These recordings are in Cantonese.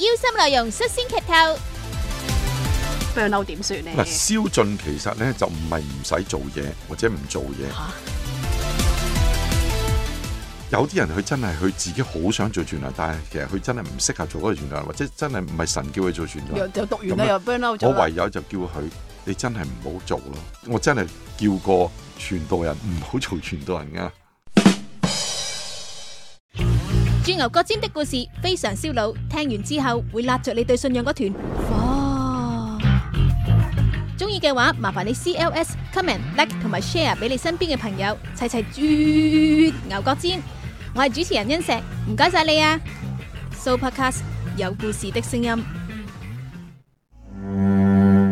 腰心內容率先劇透 Burnout 點算呢？嗱，消盡其實咧就唔係唔使做嘢或者唔做嘢，Huh? 有啲人佢真係佢自己好想做傳道，但係其實佢真係唔適合做嗰個傳道，或者真係唔係神叫佢做傳道，又讀完啦樣又 burnout 咗，我唯有就叫佢，你真係唔好做咯。我真係叫過傳道人唔好做傳道人啊！鑽牛角尖的故事非常燒腦，聽完之後會立着你對信仰嗰團火。中意嘅話，麻煩你 CLS comment like 同埋 share 俾你身邊嘅朋友，齊齊鑽牛角尖。我係主持人恩石，唔該晒你啊！Sooopodcast 有故事的聲音，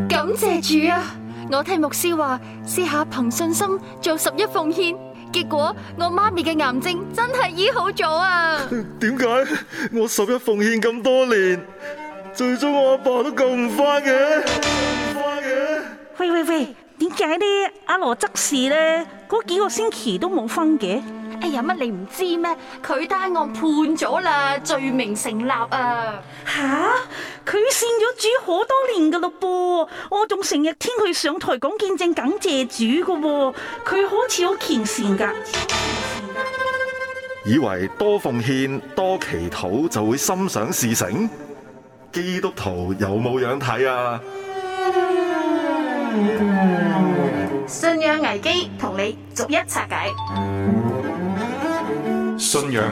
感謝主啊！我聽牧師話，試下憑信心做十一奉獻。結果我媽咪嘅癌症真係醫好咗啊！點解我十一奉獻咁多年，最終我阿爸都救唔翻嘅！救唔翻嘅？喂喂喂，點解呢？阿、啊、羅執事呢？嗰幾個星期都冇返嘅？哎呀，乜你唔知咩？佢單案判咗啦，罪名成立啊！吓！佢善咗主好多年噶咯噃，我仲成日聽佢上台講見證感謝主喎。佢好似好虔善噶，以為多奉獻多祈禱就會心想事成，基督徒有冇樣睇啊？信仰危機同你逐一拆解，信仰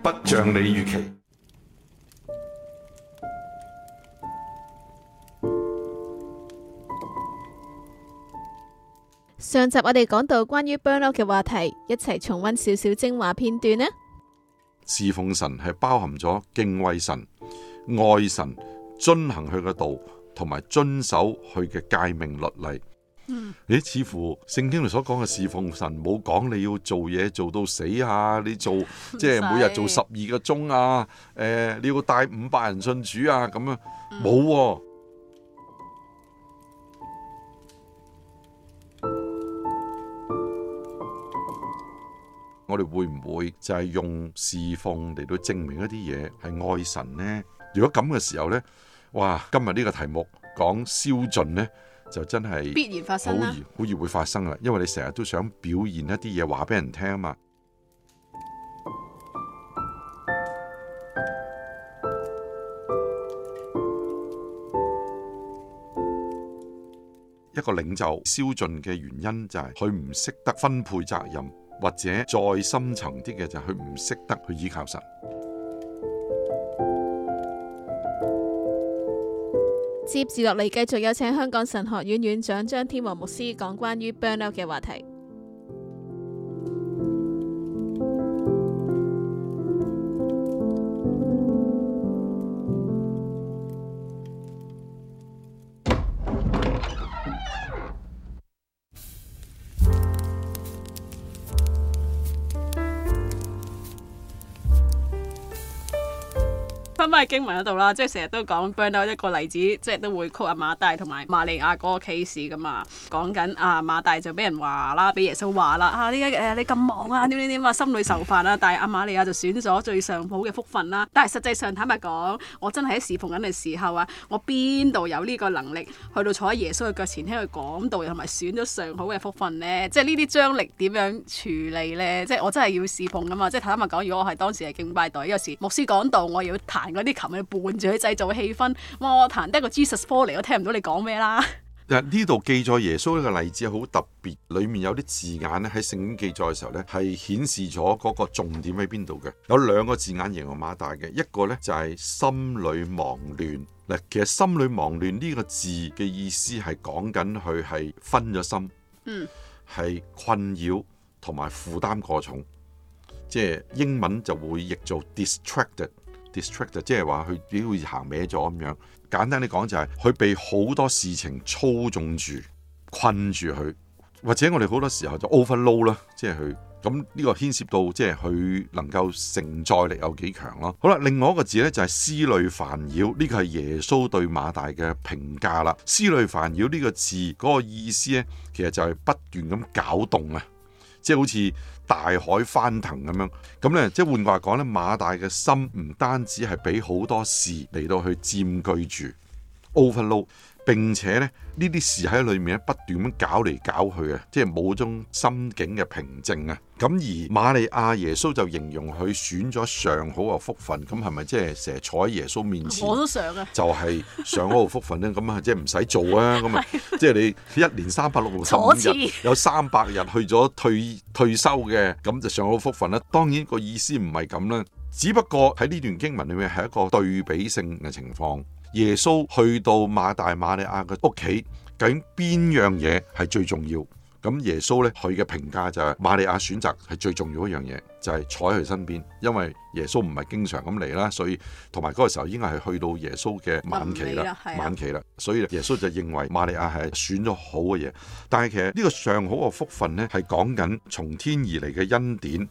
不像你預期。上集我哋講到關於 burnout 嘅話題，一齊重溫少少精華片段呢。侍奉神係包含咗敬畏神、愛神、遵行佢嘅道，同埋遵守佢嘅誡命律例。嗯，誒，似乎聖經裏所講嘅侍奉神冇講你要做嘢做到死啊，你做用即係每日做十二個鐘啊，誒、呃，你要帶五百人信主啊，咁啊，冇、嗯。我哋會唔會就係用侍奉嚟到證明一啲嘢係愛神呢？如果咁嘅時候呢，哇！今日呢個題目講消盡呢，就真係必然發生啦，好易好易會發生噶啦，因為你成日都想表現一啲嘢話俾人聽啊嘛。一個領袖消盡嘅原因就係佢唔識得分配責任。或者再深層啲嘅就係佢唔識得去依靠神。接住落嚟繼續有請香港神學院院長張天和牧師講關於 burnout 嘅話題。喺經文嗰度啦，即係成日都講，burn out 一個例子，即係都會曲阿馬大同埋瑪利亞嗰個 case 噶嘛，講緊阿馬大就俾人話啦，俾耶穌話啦，啊呢個誒你咁忙啊，點點點啊，心裏受煩啊，但係阿瑪利亞就選咗最上好嘅福分啦。但係實際上坦白講，我真係喺侍奉緊嘅時候啊，我邊度有呢個能力去到坐喺耶穌嘅腳前聽佢講道，同埋選咗上好嘅福分呢？即係呢啲張力點樣處理呢？即係我真係要侍奉噶嘛？即係坦白講，如果我係當時係敬拜隊，有時牧師講道，我要彈嗰啲。琴日伴住佢製造氣氛，哇！我彈得個 Jesus Fall 嚟，我聽唔到你講咩啦。嗱，呢度記載耶穌呢個例子好特別，裏面有啲字眼咧喺聖經記載嘅時候咧，係顯示咗嗰個重點喺邊度嘅。有兩個字眼形容馬大嘅，一個咧就係心裏忙亂。嗱，其實心裏忙亂呢個字嘅意思係講緊佢係分咗心，嗯，係困擾同埋負擔過重，即係英文就會譯做 distracted。distract 即係話佢好似行歪咗咁樣，簡單啲講就係佢被好多事情操縱住、困住佢，或者我哋好多時候就 overload 啦，即係佢咁呢個牽涉到即係佢能夠承載力有幾強咯。好啦，另外一個字呢，就係思慮煩擾，呢個係耶穌對馬大嘅評價啦。思慮煩擾呢個字嗰個意思呢，其實就係不斷咁攪動啊，即係好似。大海翻騰咁樣，咁咧即係換句話講咧，馬大嘅心唔單止係俾好多事嚟到去佔據住，overload，並且咧呢啲事喺裏面咧不斷咁搞嚟搞去啊，即係冇種心境嘅平靜啊。咁而瑪利亞耶穌就形容佢選咗上好嘅福分，咁係咪即係成日坐喺耶穌面前？我都想啊！就係上好嘅福分咧，咁啊即係唔使做啊，咁啊即係你一年三百六十五日 有三百日去咗退退休嘅，咁就上好福分啦。當然個意思唔係咁啦，只不過喺呢段經文裡面係一個對比性嘅情況。耶穌去到馬大瑪利亞嘅屋企，究竟邊樣嘢係最重要？咁耶穌呢，佢嘅評價就係、是、瑪利亞選擇係最重要一樣嘢，就係坐喺佢身邊，因為耶穌唔係經常咁嚟啦，所以同埋嗰個時候應該係去到耶穌嘅晚期啦，啊、晚期啦，所以耶穌就認為瑪利亞係選咗好嘅嘢，但係其實呢個上好嘅福分呢，係講緊從天而嚟嘅恩典，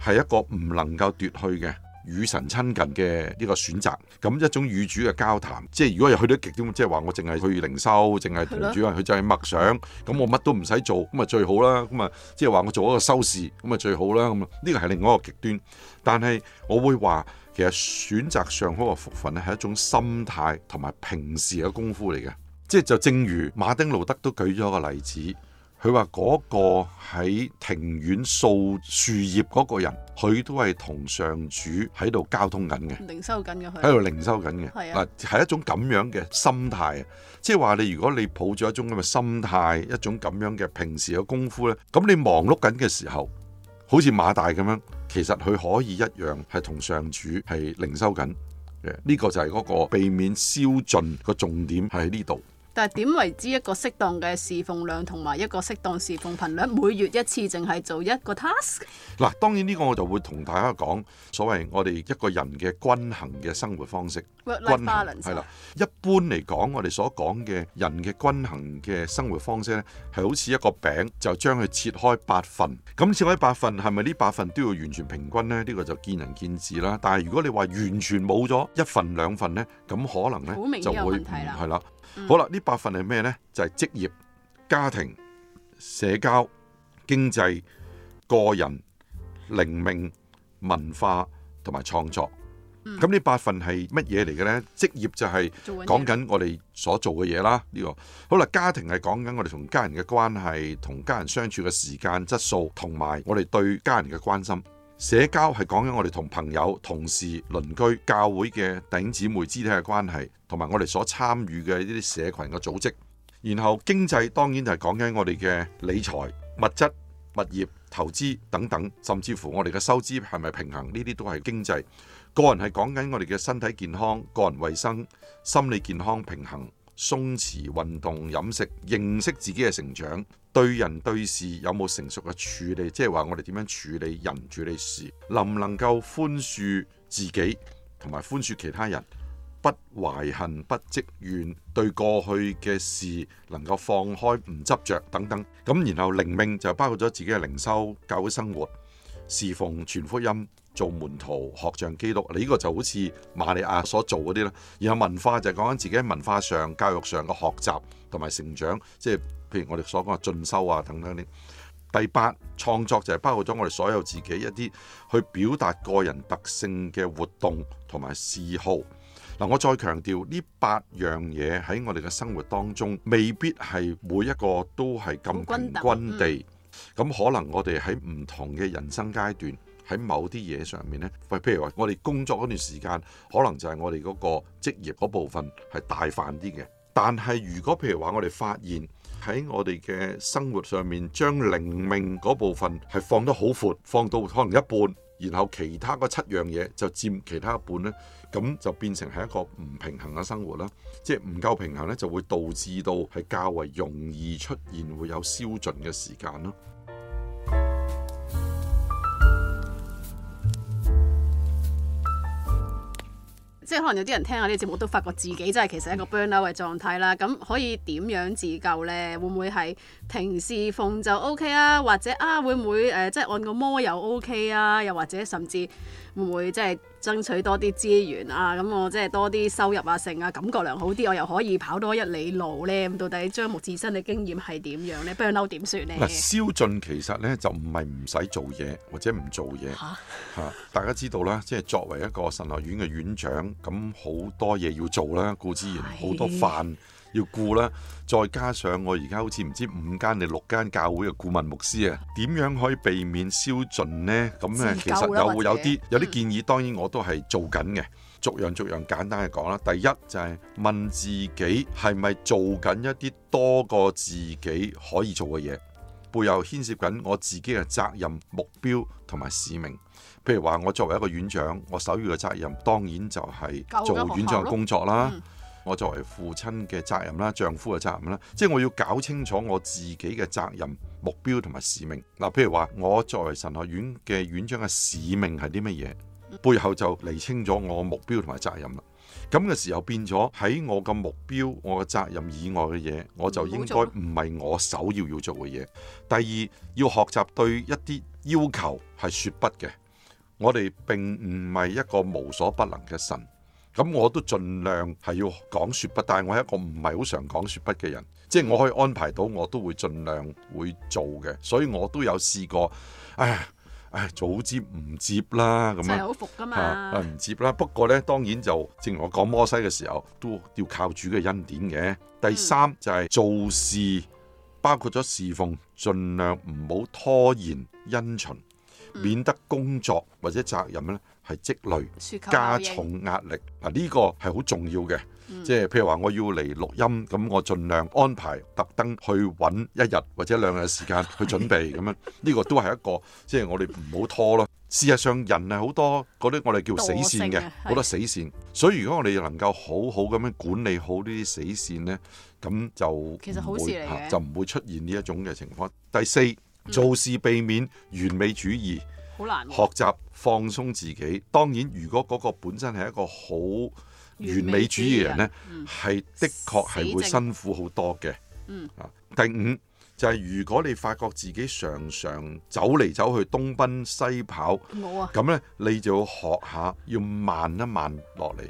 係一個唔能夠奪去嘅。與神親近嘅呢個選擇，咁一種與主嘅交談，即係如果又去到極端，即係話我淨係去靈修，淨係同主，人佢就係默想，咁我乜都唔使做，咁啊最好啦，咁啊即係話我做一個修士，咁啊最好啦，咁啊呢個係另外一個極端，但係我會話其實選擇上嗰個福分咧係一種心態同埋平時嘅功夫嚟嘅，即係就正如馬丁路德都舉咗一個例子。佢話嗰個喺庭院掃樹葉嗰個人，佢都係同上主喺度交通的緊嘅，喺度靈修緊嘅，係一種咁樣嘅心態啊。即係話你，如果你抱住一種咁嘅心態，一種咁樣嘅平時嘅功夫咧，咁你忙碌緊嘅時候，好似馬大咁樣，其實佢可以一樣係同上主係靈修緊。呢、呢個就係嗰個避免燒盡個重點係喺呢度。但係點為之一個適當嘅侍奉量，同埋一個適當侍奉頻率？每月一次，淨係做一個 task？嗱，當然呢個我就會同大家講，所謂我哋一個人嘅均衡嘅生活方式，均衡係啦。一般嚟講，我哋所講嘅人嘅均衡嘅生活方式咧，係好似一個餅，就將佢切開八份。咁切開八份係咪呢八份都要完全平均咧？呢個就見仁見智啦。但係如果你話完全冇咗一份兩份咧，咁可能咧就會係啦。好啦，呢八份係咩呢？就係職業、家庭、社交、經濟、個人、靈命、文化同埋創作。咁呢八份係乜嘢嚟嘅呢？職業就係講緊我哋所做嘅嘢啦。呢個好啦，家庭係講緊我哋同家人嘅關係、同家人相處嘅時間質素，同埋我哋對家人嘅關心。社交係講緊我哋同朋友、同事、鄰居、教會嘅弟兄姊妹肢體嘅關係，同埋我哋所參與嘅呢啲社群嘅組織。然後經濟當然就係講緊我哋嘅理財、物質、物業、投資等等，甚至乎我哋嘅收支係咪平衡，呢啲都係經濟。個人係講緊我哋嘅身體健康、個人衞生、心理健康平衡、鬆弛運動、飲食、認識自己嘅成長。對人對事有冇成熟嘅處理，即係話我哋點樣處理人處理事，能唔能夠寬恕自己同埋寬恕其他人，不懷恨不積怨，對過去嘅事能夠放開唔執着等等。咁然後靈命就包括咗自己嘅靈修、教會生活、侍奉全福音、做門徒、學像基督。你、這、呢個就好似瑪利亞所做嗰啲啦。然後文化就講緊自己喺文化上、教育上嘅學習同埋成長，即係。譬如我哋所講嘅進修啊，等等啲第八創作就係包括咗我哋所有自己一啲去表達個人特性嘅活動同埋嗜好嗱。我再強調呢八樣嘢喺我哋嘅生活當中未必係每一個都係咁平均地咁，可能我哋喺唔同嘅人生階段喺某啲嘢上面咧，譬如話我哋工作嗰段時間，可能就係我哋嗰個職業嗰部分係大份啲嘅。但係如果譬如話我哋發現，喺我哋嘅生活上面，將靈命嗰部分係放得好闊，放到可能一半，然後其他嗰七樣嘢就佔其他一半咧，咁就變成係一個唔平衡嘅生活啦。即係唔夠平衡咧，就會導致到係較為容易出現會有消盡嘅時間囉。即係可能有啲人聽下呢個節目都發覺自己真係其實係一個 burnout 嘅狀態啦，咁可以點樣自救呢？會唔會係停事奉就 OK 啊？或者啊，會唔會、呃、即係按個摩又 OK 啊？又或者甚至。會唔會即係爭取多啲資源啊？咁我即係多啲收入啊，性啊，感覺良好啲，我又可以跑多一里路呢。咁到底張牧自身嘅經驗係點樣呢？不嬲點算呢？嗱，燒盡其實呢，就唔係唔使做嘢或者唔做嘢嚇哈，大家知道啦，即係作為一個神學院嘅院長，咁好多嘢要做啦，固之然好的多飯要顧啦，再加上我而家好似唔知五間定六間教會嘅顧問牧師啊，點樣可以避免燒盡呢？咁咧其實又會有啲者有啲建議，嗯、當然我都係做緊嘅，逐樣逐樣簡單嘅講啦。第一就係問自己係咪做緊一啲多過自己可以做嘅嘢，背後牽涉緊我自己嘅責任目標同埋使命。譬如話我作為一個院長，我首要嘅責任當然就係做院長嘅工作啦。嗯我作為父親嘅責任啦，丈夫嘅責任啦，即係我要搞清楚我自己嘅責任目標同埋使命。嗱，譬如話我作為神學院嘅院長嘅使命係啲乜嘢，背後就釐清咗我目標同埋責任啦。咁嘅時候變咗喺我嘅目標、我嘅責任以外嘅嘢，我就應該唔係我首要要做嘅嘢。第二，要學習對一啲要求係說不嘅。我哋並唔係一個無所不能嘅神。咁我都盡量係要講説不，但係我係一個唔係好常講説不嘅人，即、就、係、是、我可以安排到，我都會盡量會做嘅。所以我都有試過，唉唉，早知唔接啦咁樣。係好服㗎嘛，唔、啊、接啦。不過呢，當然就正如我講摩西嘅時候，都要靠主嘅恩典嘅。第三、嗯、就係做事，包括咗事奉，盡量唔好拖延因循，免得工作或者責任咧，係積累加重壓力，嗱呢個係好重要嘅，即係譬如話我要嚟錄音，咁我盡量安排特登去揾一日或者兩日時間去準備，咁 樣呢、呢個都係一個，即、就、係、是、我哋唔好拖咯。事實上人，人係好多嗰啲我哋叫死線嘅，好多死線，所以如果我哋能夠好好咁樣管理好呢啲死線呢，咁就其實好事就唔會出現呢一種嘅情況。第四，做事避免完美主義。學習放鬆自己，當然如果嗰個本身係一個好完美主義嘅人呢，係的，嗯，的確係會辛苦好多嘅。嗯，第五。就係如果你發覺自己常常走嚟走去，東奔西跑，冇啊，咁呢你就要學下要慢一慢落嚟，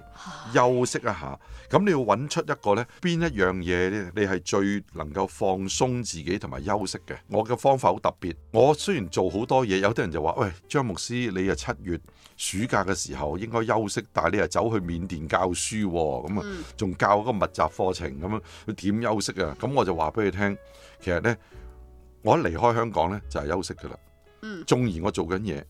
休息一下。咁你要揾出一個呢邊，一樣嘢呢，你係最能夠放鬆自己同埋休息嘅。我嘅方法好特別。我雖然做好多嘢，有啲人就話：喂，張牧師，你啊，七月暑假嘅時候應該休息，但係你又走去緬甸教書喎，咁啊，仲教個密集課程，咁樣佢點休息啊？咁我就話俾你聽。其實咧，我一離開香港咧，就係、是、休息㗎喇。縱然我做緊嘢。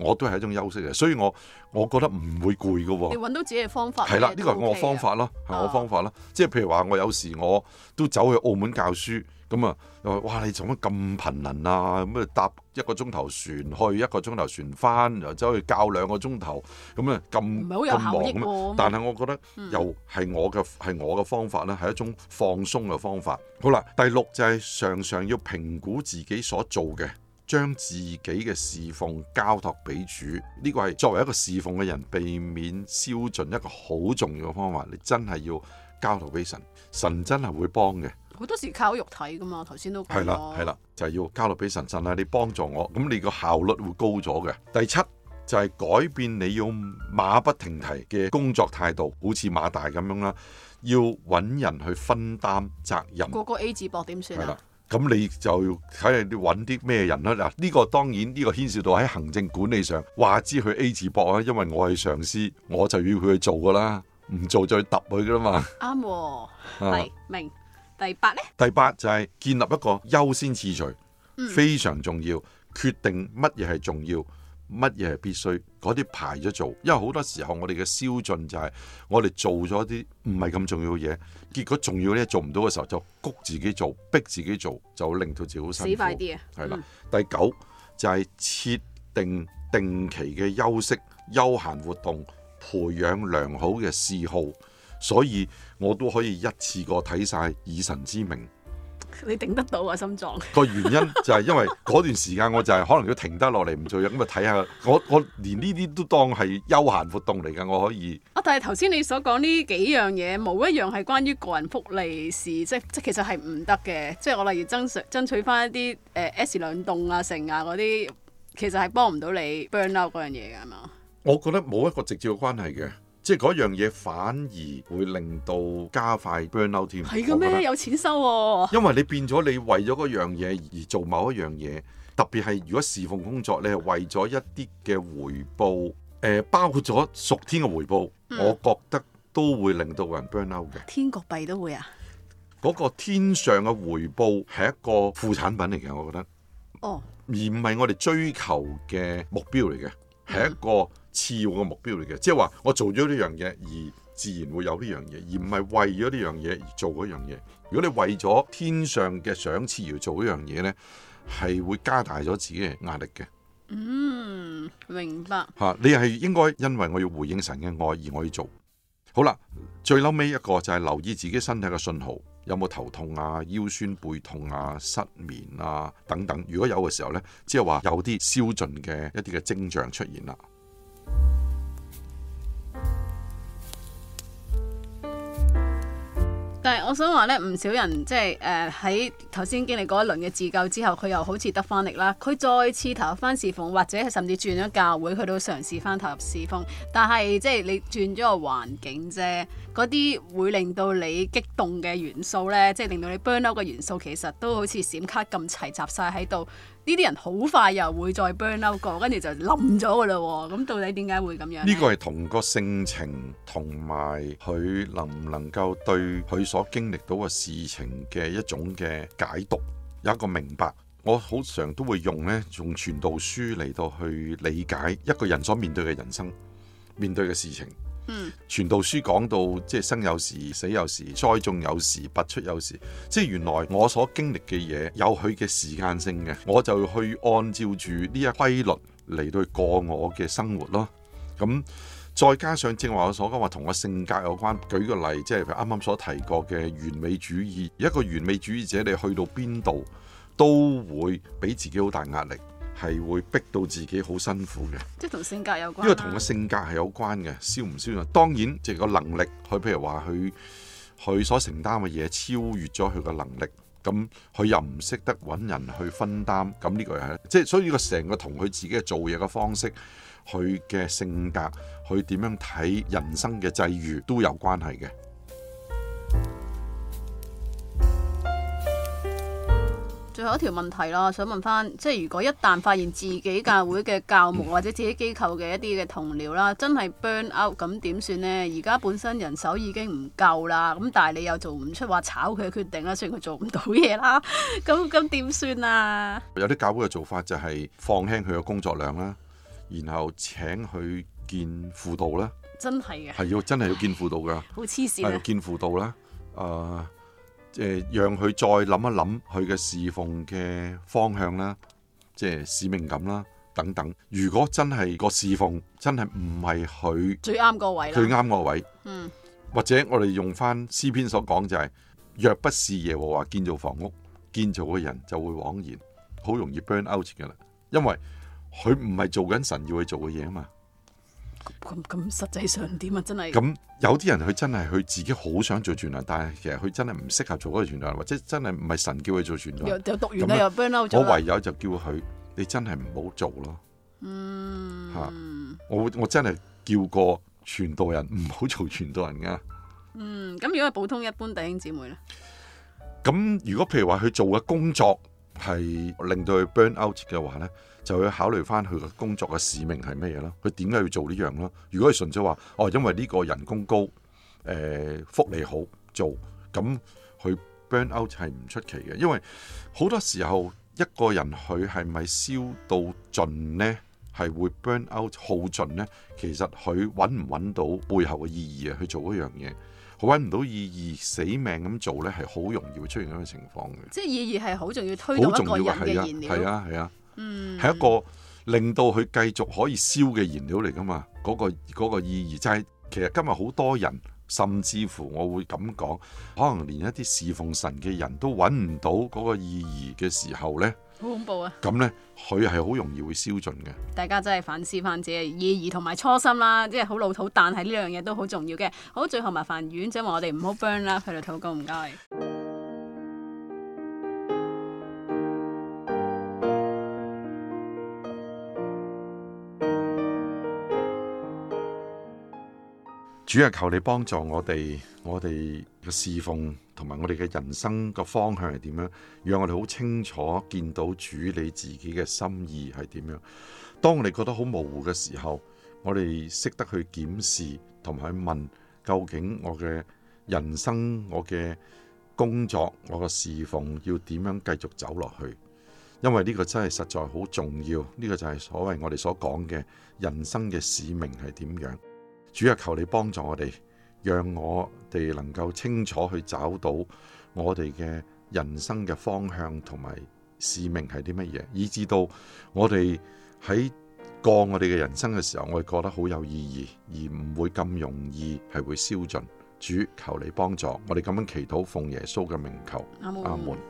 我都係一種休息嘅，所以我我覺得唔會攰㗎喎。你揾到自己嘅方法，係啦的，呢個係我方法咯，係我方法咯。Uh. 即係譬如話，我有時我都走去澳門教書，咁啊又話：哇，你做乜咁頻能啊？咁啊搭一個鐘頭船去，一個鐘頭船返，走去教兩個鐘頭，咁咧咁咁忙。但係我覺得又係我嘅係我嘅方法咧，係一種放鬆嘅方法。好啦，第六就係常常要評估自己所做嘅。將自己嘅侍奉交託俾主，呢個係作為一個侍奉嘅人避免燒盡一個好重要嘅方法。你真係要交託俾神，神真係會幫嘅。好多時靠肉體噶嘛，頭先都講過。係啦，係啦，就係要交託俾神神啦，你幫助我，咁你個效率會高咗嘅。第七就係改變你要馬不停蹄嘅工作態度，好似馬大咁樣啦，要揾人去分擔責任。個個 A 字膊點算？咁你就睇下你揾啲咩人啦，啊。嗱，呢個當然呢，這個牽涉到喺行政管理上話之佢 A 字膊啦，因為我係上司，我就要佢去做噶啦，唔做就揼佢噶啦嘛。啱喎，第啊、明第八咧？第八，第八就係建立一個優先次序，嗯，非常重要。決定乜嘢係重要，乜嘢係必須，嗰啲排咗做。因為好多時候我哋嘅消盡就係我哋做咗啲唔係咁重要嘅嘢。結果仲要咧，做唔到嘅時候就谷自己做，逼自己做，就令到自己好辛苦。死快啲啊！係啦，的嗯、第九就係、是、設定定期嘅休息、休閒活動、培養良好嘅嗜好，所以我都可以一次過睇晒《以神之名》。你頂得到啊，心臟！個 原因就係因為嗰段時間我就係可能要停得落嚟唔做嘢，咁啊睇下我我連呢啲都當係休閒活動嚟㗎，我可以。啊！但係頭先你所講呢幾樣嘢，冇一樣係關於個人福利事，即即其實係唔得嘅。即係我例如爭取爭取翻一啲誒、呃、S 兩棟啊成啊嗰啲，其實係幫唔到你 burn out 嗰樣嘢㗎係嘛？係咪我覺得冇一個直接嘅關係嘅。即係嗰樣嘢反而會令到加快 burnout 添。係嘅咩？有錢收喎。因為你變咗你為咗嗰樣嘢而做某一樣嘢，特別係如果侍奉工作你係，為咗一啲嘅回報、呃，誒包括咗屬天嘅回報，我覺得都會令到人 burnout 嘅。天國幣都會啊？嗰個天上嘅回報係一個副產品嚟嘅，我覺得。哦。而唔係我哋追求嘅目標嚟嘅，係一個。次要嘅目標嚟嘅，即係話我做咗呢樣嘢，而自然會有呢樣嘢，而唔係為咗呢樣嘢而做嗰樣嘢。如果你為咗天上嘅賞賜而做呢樣嘢呢，係會加大咗自己嘅壓力嘅。嗯，明白。嚇，你係應該因為我要回應神嘅愛而我要做。好啦，最嬲尾一個就係留意自己身體嘅信號，有冇頭痛啊、腰酸背痛啊、失眠啊等等。如果有嘅時候呢，即係話有啲消盡嘅一啲嘅徵象出現啦。但係，我想話呢，唔少人即係誒喺頭先經歷過一輪嘅自救之後，佢又好似得翻力啦。佢再次投入翻侍奉，或者甚至轉咗教會，佢都嘗試翻投入侍奉。但係即係你轉咗個環境啫，嗰啲會令到你激動嘅元素呢，即係令到你 burn out 嘅元素，其實都好似閃卡咁齊集晒喺度。呢啲人好快又會再 burn out 過，跟住就冧咗㗎喇喎！咁到底點解會咁樣呢？呢個係同個性情同埋佢能唔能夠對佢所經歷到嘅事情嘅一種嘅解讀有一個明白。我好常都會用呢，用傳道書嚟到去理解一個人所面對嘅人生面對嘅事情。《全道書》講到即係生有時，死有時；栽種有時，拔出有時。即係原來我所經歷嘅嘢有佢嘅時間性嘅，我就去按照住呢一規律嚟渡過我嘅生活咯。咁再加上正話我所講話同我性格有關。舉個例，即係譬如啱啱所提過嘅完美主義，一個完美主義者，你去到邊度都會俾自己好大壓力。係會逼到自己好辛苦嘅，即係同性格有關啊。因為同個性格係有關嘅，消唔消受？當然，就個能力，佢譬如話佢佢所承擔嘅嘢超越咗佢個能力，咁佢又唔識得揾人去分擔，咁呢個係即係所以個成個同佢自己嘅做嘢嘅方式，佢嘅性格，佢點樣睇人生嘅際遇都有關係嘅。最後一條問題咯，想問翻，即係如果一旦發現自己教會嘅教牧或者自己機構嘅一啲嘅同僚啦，真係 burn out，咁點算呢？而家本身人手已經唔夠啦，咁但係你又做唔出話炒佢嘅決定啦，雖然佢做唔到嘢啦，咁咁點算啊？有啲教會嘅做法就係放輕佢嘅工作量啦，然後請佢見輔導啦，真係嘅，係要真係要見輔導噶，好黐線，係要見輔導啦，誒、呃。誒，讓佢再諗一諗佢嘅侍奉嘅方向啦，即係使命感啦等等。如果真係個侍奉真係唔係佢最啱嗰位，最啱嗰位，嗯，或者我哋用翻詩篇所講就係若不是耶和華建造房屋，建造嘅人就會枉然，好容易 burn out 嘅啦，因為佢唔係做緊神要去做嘅嘢啊嘛。咁咁實際上點啊？真係咁有啲人佢真係佢自己好想做傳道，但係其實佢真係唔適合做嗰個傳道，或者真係唔係神叫佢做傳道，又讀完又 burn out 咗。我唯有就叫佢，你真係唔好做咯。嗯，吓，我我真係叫過傳道人唔好做傳道人噶。嗯，咁如果係普通一般弟兄姊妹咧？咁如果譬如話佢做嘅工作係令到佢 burn out 嘅話咧？就要考慮翻佢嘅工作嘅使命係咩嘢咯？佢點解要做呢樣咯？如果係純粹話哦，因為呢個人工高，誒、呃、福利好，做，咁佢 burn out 係唔出奇嘅。因為好多時候一個人佢係咪燒到盡呢？係會 burn out 耗盡呢？其實佢揾唔揾到背後嘅意義啊，去做一樣嘢，佢揾唔到意義，死命咁做呢，係好容易會出現咁嘅情況嘅。即係意義係好重要，推到一個人嘅燃料，係啊，係啊。係、嗯、一個令到佢繼續可以燒嘅燃料嚟噶嘛？嗰、那個意義、那個、就係、是、其實今日好多人，甚至乎我會咁講，可能連一啲侍奉神嘅人都揾唔到嗰個意義嘅時候咧，好恐怖啊！咁咧，佢係好容易會燒盡嘅。大家真係反思翻自己，意義同埋初心啦，即係好老土，但係呢樣嘢都好重要嘅。好，最後麻煩院長話我哋唔好 burn 啦，佢嚟禱告，唔該。主啊，求你幫助我哋，我哋嘅侍奉同埋我哋嘅人生個方向係點樣，讓我哋好清楚見到主你自己嘅心意係點樣。當我哋覺得好模糊嘅時候，我哋識得去檢視同埋問，究竟我嘅人生、我嘅工作、我嘅侍奉要點樣繼續走落去？因為呢個真係實在好重要，呢、呢個就係所謂我哋所講嘅人生嘅使命係點樣。主啊，求你幫助我哋，讓我哋能夠清楚去找到我哋嘅人生嘅方向同埋使命係啲乜嘢，以至到我哋喺過我哋嘅人生嘅時候，我哋覺得好有意義，而唔會咁容易係會燒盡。主，求你幫助我哋咁樣祈禱，奉耶穌嘅名求，阿門。阿門。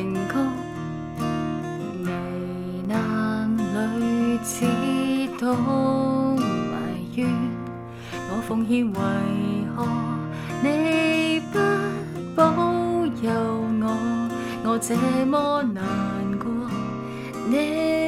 成功，危難裏只懂埋怨。我奉獻，為何你不保佑我？我這麼難過，你。